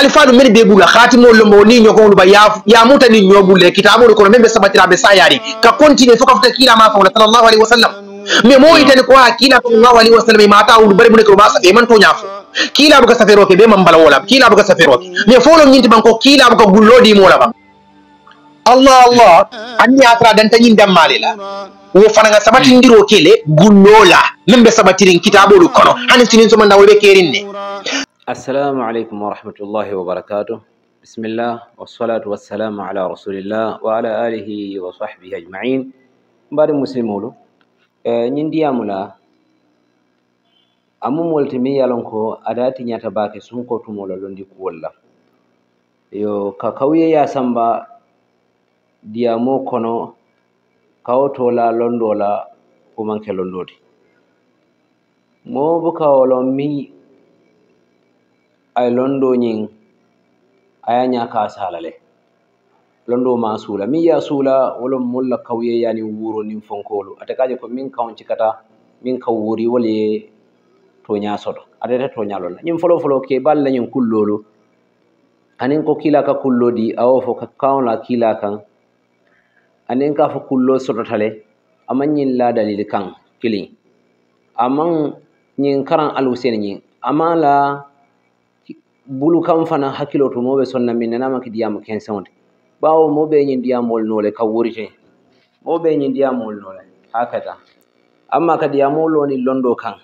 alifalu meni begula khati mo lombo ni nyoko luba ya muta ni nyogule kitabu ko membe sabati rabe sayari ka continue foka futa kila mafa wala sallallahu alaihi wasallam me mo itani kwa kila sallallahu alaihi wasallam mata u bari mun ko basa be man to nyafo kila buka safero ke be man bala wala kila buka safero ke mi folo nyinti banko kila buka gullodi mo laba Allah Allah anni atra dan tanyin dammalila wo fananga sabatindiro kele gullola membe sabatirin kitabolu kono hanin sinin so manda wobe kerinne assalamu aleykum warahmatullahi wabarakatu bisimillah wassalatu wassalamu ala rasulillah wa ala alihi wa sahbihi ajmain mbaɗi musilmolu ñin e, ndiyamula amumolte min yalon ko ada tiñata bake sunko tumola londi kuwolla yo ka kawye yasamba ndiyamo kono kawtola londola kumanke londode mo bo kawolon min a londo nyin a ya nyaka salale londo ma sula min ya sula wala mulla kawye yani wuro nin fonkolo atakaje ko min kawon cikata min kawuri wale to nya soto atata to nya lolla nyin folo folo ke balla nyin kullolo anin ko kila ka kullodi awo fo ka kawon la kila kan anin ka fo kullo soto tale amman nyin la dalil kan kilin amman nyin karan alusen nyin amala bulu kam fana hakkilo to moɓe sonna min nanamaki ndiyam kensonde ɓawo moɓe ñi ndiyam wolnole kam wurite moɓe ñi ndiyam wolnole ha kada amma kadi yamoloni londo kan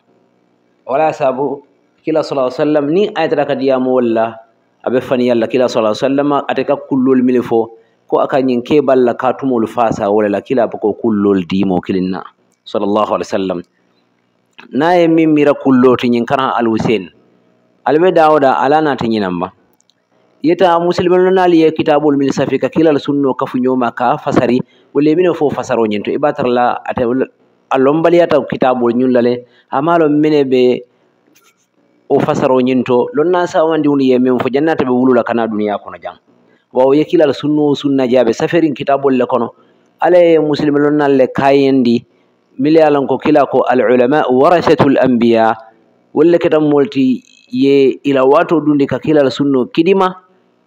wala sabu kila sala sallam ni aytata kadi yamowolla aɓe fani yalla kila sala sallam ate ka kullol mili fo ko aka ñin ke balla ka tumol fasa wolela kila ko kullol dimo kilinna sallallahu alih wa sallam naye min mira kulloti ñin kana al husain alwe dawoda ala nata ñinan ba yeta musilme no naali ye kitabol mil safi ka kilal sunno kafu ñoma ka fasari wo lemino fo fasaro ñin to ibatarla e ate a lombaliyata kitabol ñullale amma lo mine ɓe o fasaro ñin to lonna sawandi wundu ye min fo jannata ɓe wulula kana duniya kono jang waw ye kilal sunno sunna jeabe safirin kitabol le kono ala ye musilme lo nalle kayendi mila lan ko kila ko alulama warasatu lambiya wolle ketan molti ye ila wato dundi ka kilala sunno kidima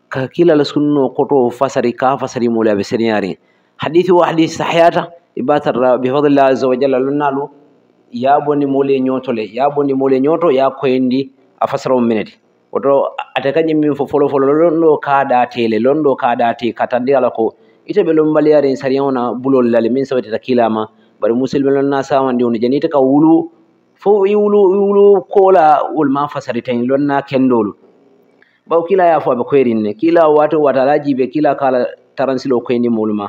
ka la sunno koto fasari ka fasari mola be seneyari hadisi wa hadith sahiyata ibata bi fadli azza wa jalla ya boni mole ya boni mole nyoto ya koyndi a fasara minati wato woto ata min fo folo folo lonɗo da tele londo ka katandi ala ko ite ɓe lum sariyan ona bulol lale min saweteta kilama bare musilɓe lonna on oni janita ka wulu fo iwlu iwlu kola wol ma fasari tan lonna kendolu ɓaw kila ya fo aɓe koyrin ne kila wato watala jibe kila kala taransilo koyni mol ma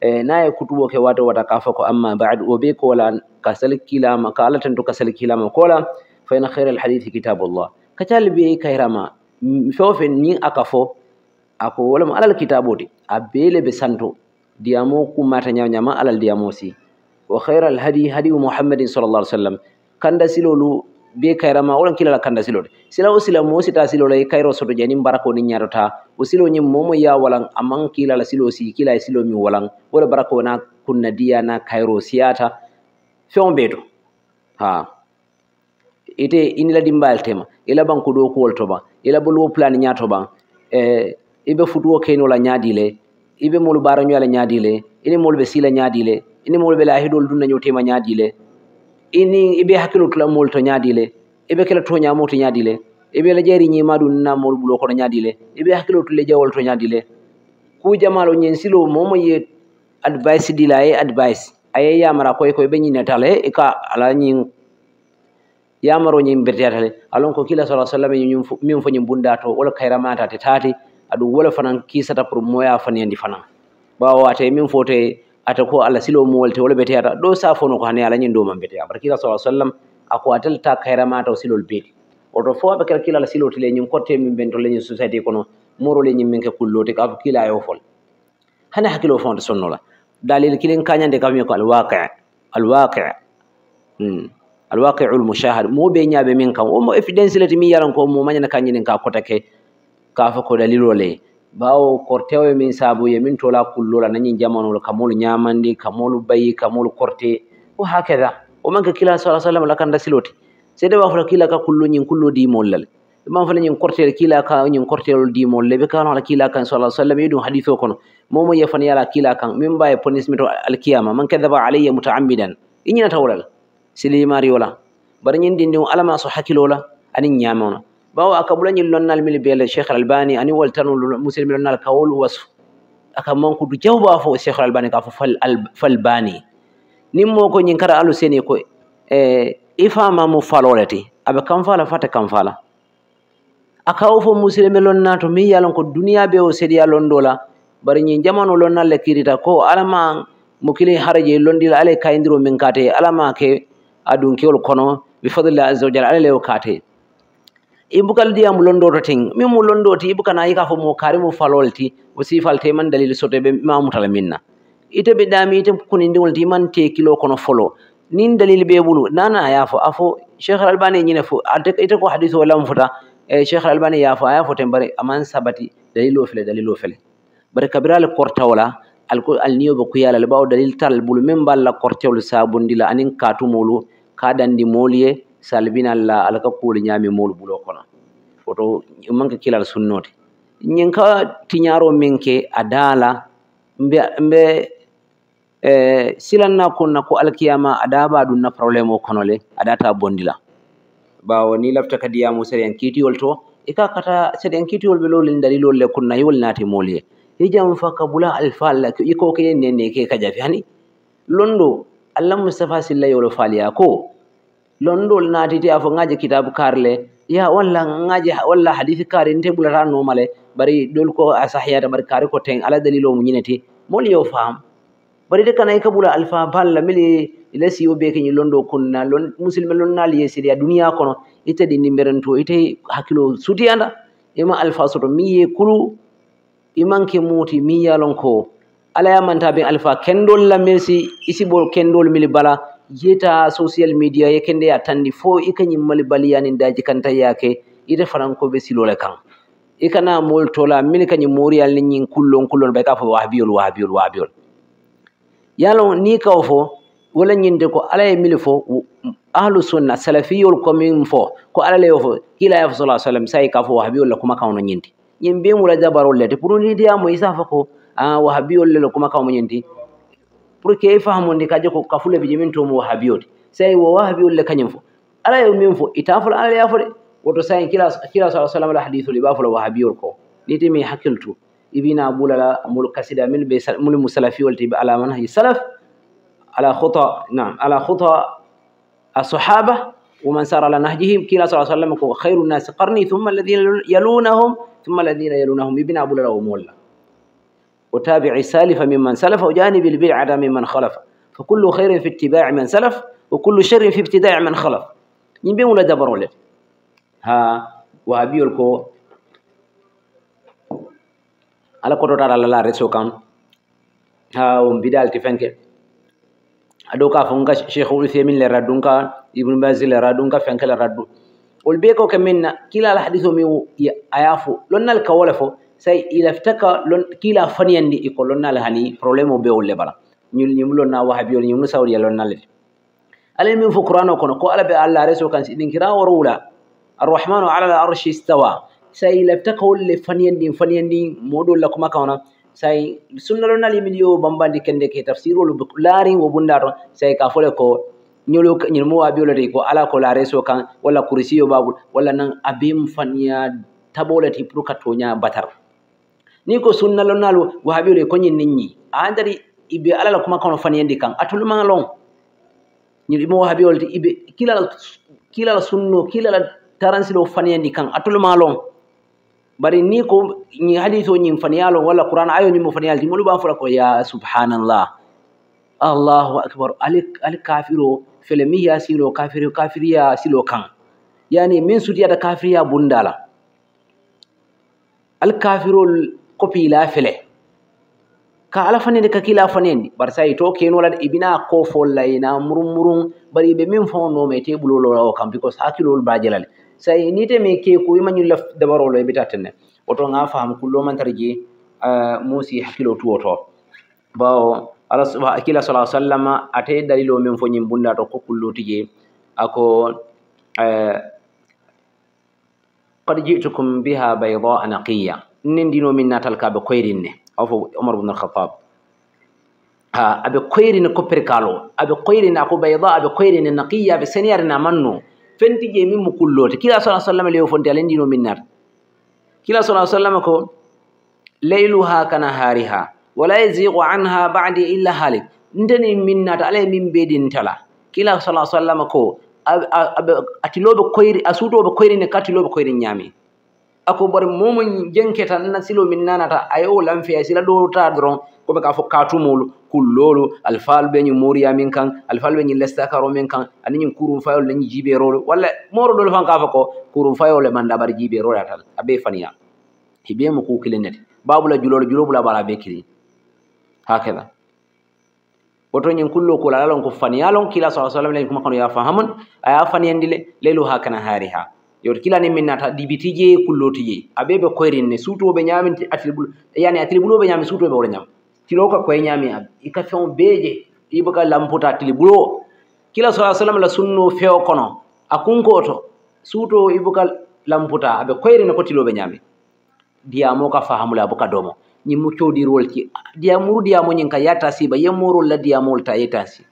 e naye kutuwo ke wato wata kafa ko amma bad o be kola kasal kilama ka allah tan to kasal kilama kola fain hairal hadithi kitabullah kacal be kayrama mm, fewofe ni aka fo ako wolama alal kitabo de a beleɓe santo diyamo kumata ñaw ñama alal diyamo si wa hairal hadi hadi muhammadin sallallah alih w sallam kannda silolu be kayrama oɗon kilala kannda silole sila o sila mo sita silolay kayro soto jani mbara ko ni ñatota o silo ñim momo ya walan amman kilala silo si kila silo mi walan wole bara ko na kunna diya na kayro siyata fewo ɓeeto ha ite inila dimbayal tema ila ban kuɗo kuwol toɓa ila bolwo plani ñatoɓa e iɓe futuwo kenola ñadile iɓe molu ɓaroñoyala ñadile ini e molɓe sila ñadile ini e molɓe lahiɗol dunnañotema ñadile ini eɓe hakkilo tulamol to ñaadile eɓe kela toñamo to ñaadile eɓe la ƴeeri ñimaɗum namol ɓulo kono ñaadile eɓe hakkilo tule jawol to ñaadile kujamalo ñen silo momo ye advice ɗila ye advice aye yamara koye koye ɓe ñinatale e ka ala ñin yamaro ñin bedetale alon ko kila saa sallam min fo ñin bunda to wala kayramatate taati aɗum wala fanan kisata pour moya fanandi fanan ɓawa wate min fotoe ata ko allah silo muwolte wala beteyata ɗo sa fono ko hane alañin dow man beteya barakila sa sallam ako adelta kayramataw silol beeti oto fo aɓe kala kila allah silo tele ñin kotte min ɓen to leñin société kono moro leñin min ke kulloti kaf kila yofol hane hakkilo fonde sonnola dalil kilin kañande kam wiye ko alwaqi alwaqi hmm. alwaqiu lmouchahad mo ɓe ñaaɓe min kam omo évidence lete min yalan ko mo mañana kañinin ka kotake kafa ko dalilo leye baawo kortewe min saabu yemin tola kullola nañi jamanol kamolu ñamandi kamolu bayi kamolu korte o hakada o manke kila sa sallam lakanda silote seeda wafula kilaka kullo ñin kullo dimol lal ɓeman fala ñin kortel kilaka ñin kortelol dimol le ɓe kanoala kilakan sa sallam yi ɗum hadiseo kono momo yefan yala kilakan min mbawi ponismito alkiyama man kadaba alayya mutaammidan iñinatawolal e silimariola bara ñin dindi alama so hakkilola anin ñamona bawo aka ɓulanyin lonnal mili bele cheikh albani ani wol woltano musilmi lonnal kawol wasu aka du jawba fo cheikh albani ka fo fal fal bani nimmo ko ñin kara alu seni ko e ifama mu falolati ti kam fala fata kam fala akaw fo musilmi lonnato mi yalon ko duniya be o sedi yalon dola bari ñin jamano le kirita ko alama mo haraje londila ale kayndiro min kate alama ke adun dunkewol kono bifadlillah aza wa jal ala lewo kate ibukal ndiyam londoto ten min mo londoti ibuka na yika fo mo kari mo falolti o sifalte man dalil soteɓe mamutala minna ite ɓeɗami ite kuni ndiwolti iman te kilo kono folo nin dalil ɓe ɓulu nana yafo afo cheikh lalbani ñine fo ite ko hadis o lamfuta e cheikh lalbani yafo a yafo ten bare aman sabati dalil o fele dalil o fele bare kabirale kortawola al niyoɓe kuyalal ɓawo dalil tal ɓulu min balla kortewol sabundila anin katumolu ka dandi molye salbinalla alka kuli ñami molu bulo kono woto manka kilal sunnote ñin ka tiñaro min ke a daala mbe, mbe e, silanna kunna ko alkiyama a daaba ɗum na probléme o kono le a data bondila bawo ni lafta kadi yamu seɗen kitiyol to e ka kata seɗen kitiyol ɓe lolin dalilol le kunna yol naati moli he hijam fa kabula alfa alla ikoke yen nenne ke kajafi hani londo allah moustapha silla yolo faaliya ko londol natiti a foŋaje kitabu karle ya walla ŋaje walla hadisi kari nte ɓulata nomale bari ɗol ko a sahiyata bari kari ko teŋ ala dalilo mu ñineti mol yo fam bari de kanayi ka ɓula alpha balla mili lesiyo bekeñi londo kunna lon musilme lonnali yesiri a duniya kono ite ɗi ndimberento ite hakkilo sutiyanda ima alpha soto mi ye kulu imanke muti mi yalon ko ala yamanta ɓe alpha kendol lamelsi isibo kendol mili bala jeta social media yekende ya tandi fo ika yimmali baliyani daji kan tai yake ita farankoɓe silole kan ikana mol tola min kañi moriyalni ñin kullon kullon ɓay ka fo wahbiyol wahbiyol wahbiyol yalo ni kaw fo wala ñinde ko ala ye mili fo ahlu sunna salafiyol komin fo ko ala layo fo kilaya fo sala sallam sayi ka fo wahbiyol la kuma kawno ñindi ñin ɓe mula jabarol lete pour nidiyamo isa fo ko a wahbiyol lela kuma kawmo ñindi pour que ifahamu ndi kaje ko kafule bije min to mo wahabiyoti sai wo wahabiyol le kanyum fo ala yo min fo itafol ala ya fo de woto sai kila kila sallallahu alaihi wasallam hadithu li bafula ko ni mi hakiltu ibina bulala mul kasida min be mul musalafi wal tibi ala manhaji salaf على خطى نعم على خطى الصحابة ومن سار على نهجهم كلا صلى الله عليه وسلم خير الناس قرني ثم الذين يلونهم ثم الذين يلونهم ابن أبو لله وتابع سالف ممن سلف وجانب البدعة ممن خلف فكل خير في اتباع من سلف وكل شر في ابتداع من خلف ñin ɓe wula dabarole ha wahabiyol ko ala kototaɗa lala reso kan ha won bidal ti fenke aɗo ka fo nka cheikh uthaymin le raddu nka ibnu basi le raddu nka fenke le raddu wol ɓe ko ke min na kila alhadise o min aya fo lonnal kawole fo sey ilaftaka lon kiila faniyanndi iko lon nala hani probléme o bewol le bala ñul ñim lon na waha biyol ñimnu sawriya lon nalede alay min fo qouran o kono ko ala be allah reso kan si ɗin kira woro wula arrahmanu ala l arshi stawa say ilaftaka wolle faniyanndi faniyanndi moɗol lakuma kawna say sunna lo nali min yowo bambandi kende ke tafsirolu laari wo bunda ton say ka fole ko ñolo ñol mo waabiyola ti ko ala ko laareso kan walla kurisiyo baabul walla nan abim faniya taɓolati pour qua toña batar ni ko sunnalo nalu wahabi ko nyin ninyi andari ibe alala kuma kono faniyandi kan atul mangalon ni ibe wahabi olti ibe kilala la sunno kilala taransilo faniyandi kan atul malon bari ni ko ni fani ñin wala qur'an ayo ni mo faniyalti molu ba fura ko ya subhanallah allahu akbar ali al kafiro fele mi ya silo kafiro kafiriya silo kan yani min sutiyata kafiriya bundala al kafirol kopila fele ka ala fanende ka kila fanendi bar sa to ken wolat ibina e ko fo layna murum murum bar ibe min fo no me te bulolo o kam because hakilol bajelal sai ni te me ke ko imanyu la dabarolo e bitatene oto nga faham kullo man tarji uh, musi hakilo tu oto bawo ala suba akila sallallahu alaihi wasallam ate dalilo min fo nyim bunda to ko kullo tije ako uh, qad ji'tukum biha bayda naqiyya nindino min natal ka ɓe koyrin ne aw fo omar bnu alkhatab ha aɓe koyrine koppere kaalo aɓe koyrine ako bayda aɓe koyrine naqiya ɓe seniyare na manno fenti je min mo kullote kila sa sallam lewo fonde ala nindino min nat kila sa sallam ko leyluha kana haariha wala yzigu anha badi illa halik ndeni min nata alay min mbeɗintala kila sa sallam ko atilooɓe koyri a suutooɓe koyrine ka atilooɓe koyri ñaami ako bar momo jenketa nana silo min nanata ayo lanfeya sila ɗowta dron koɓe ka fo katumolu kullolu alfalu ɓe ñin moriya min kan alfalu ɓe ñin lestakaro min kan ani ñin kurum fayole nañi jiɓerolu walla moro ɗol fan ka fo ko kurum fayole manda bar jiɓerole atal aɓe faniya hiɓemo kukilenete babula julolo julo bula bala ɓe kili hakeda woto ñin kullo kulalalon ko faniya lon kila sa sallam lañi kuma kano ya fa hamon aya faniyandile leylu hakana hari ha yo ni min nata dibiti je kulloti je abe be koyrinne suutoɓe ñamin atribul yani atribuloɓe ñami suutoɓe wora ñam tilo ka koye ñami a ika feŋo bee ibaka lamputa atribulo kila sallallahu alaihi wasallam la sunno fewo kono a kunko to suuto ibuka lamputa aɓe koyrine ko nyami ñami mo ka fahamu la buka domo ni mu codi rol ci diyamuru diyamo ñin nyinka yata siba yemmorol la mo ta yata si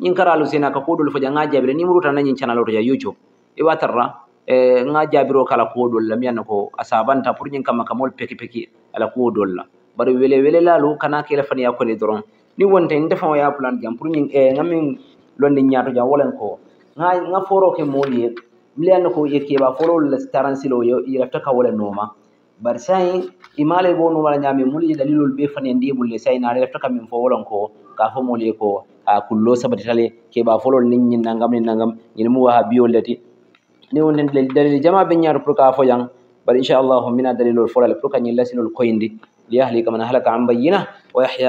nyinka ralu sina ka kodul fo ja ŋa jabire numéro channel nañin canaloto ja youtube e watarra e ga jaabiroo ka ala kuwo dolla mi anna ko a sabanta pour ñin kamma kamol peki peki ala kuwo dolla bado wele wele laalu kana kele faniya kone doron ni wonte ni defa o ya plan jam pour ñin e ga min londi ñaato jam wolen ko ga ga foro ke mooli ye mi le anna ko yekkeeba folol le taransilo yo yirafta ka wole nooma bari sayi imaala e bo nuumala ñaami mulu ye dalilol ɓe fani ndi ɓulle sayi naare lefta ka min fo wolon ko ka fo mooli ye ko a kulloo sabatitale keeɓa folol nin ñinnangam ninnangam ñin mu waha biyol leti ni hunde dalil jama be nyaar pour ka fo jang bari inchallahu mina dalilol folale pour kañilla sinol koyndi liyahlika man halaka an bayina wa yahya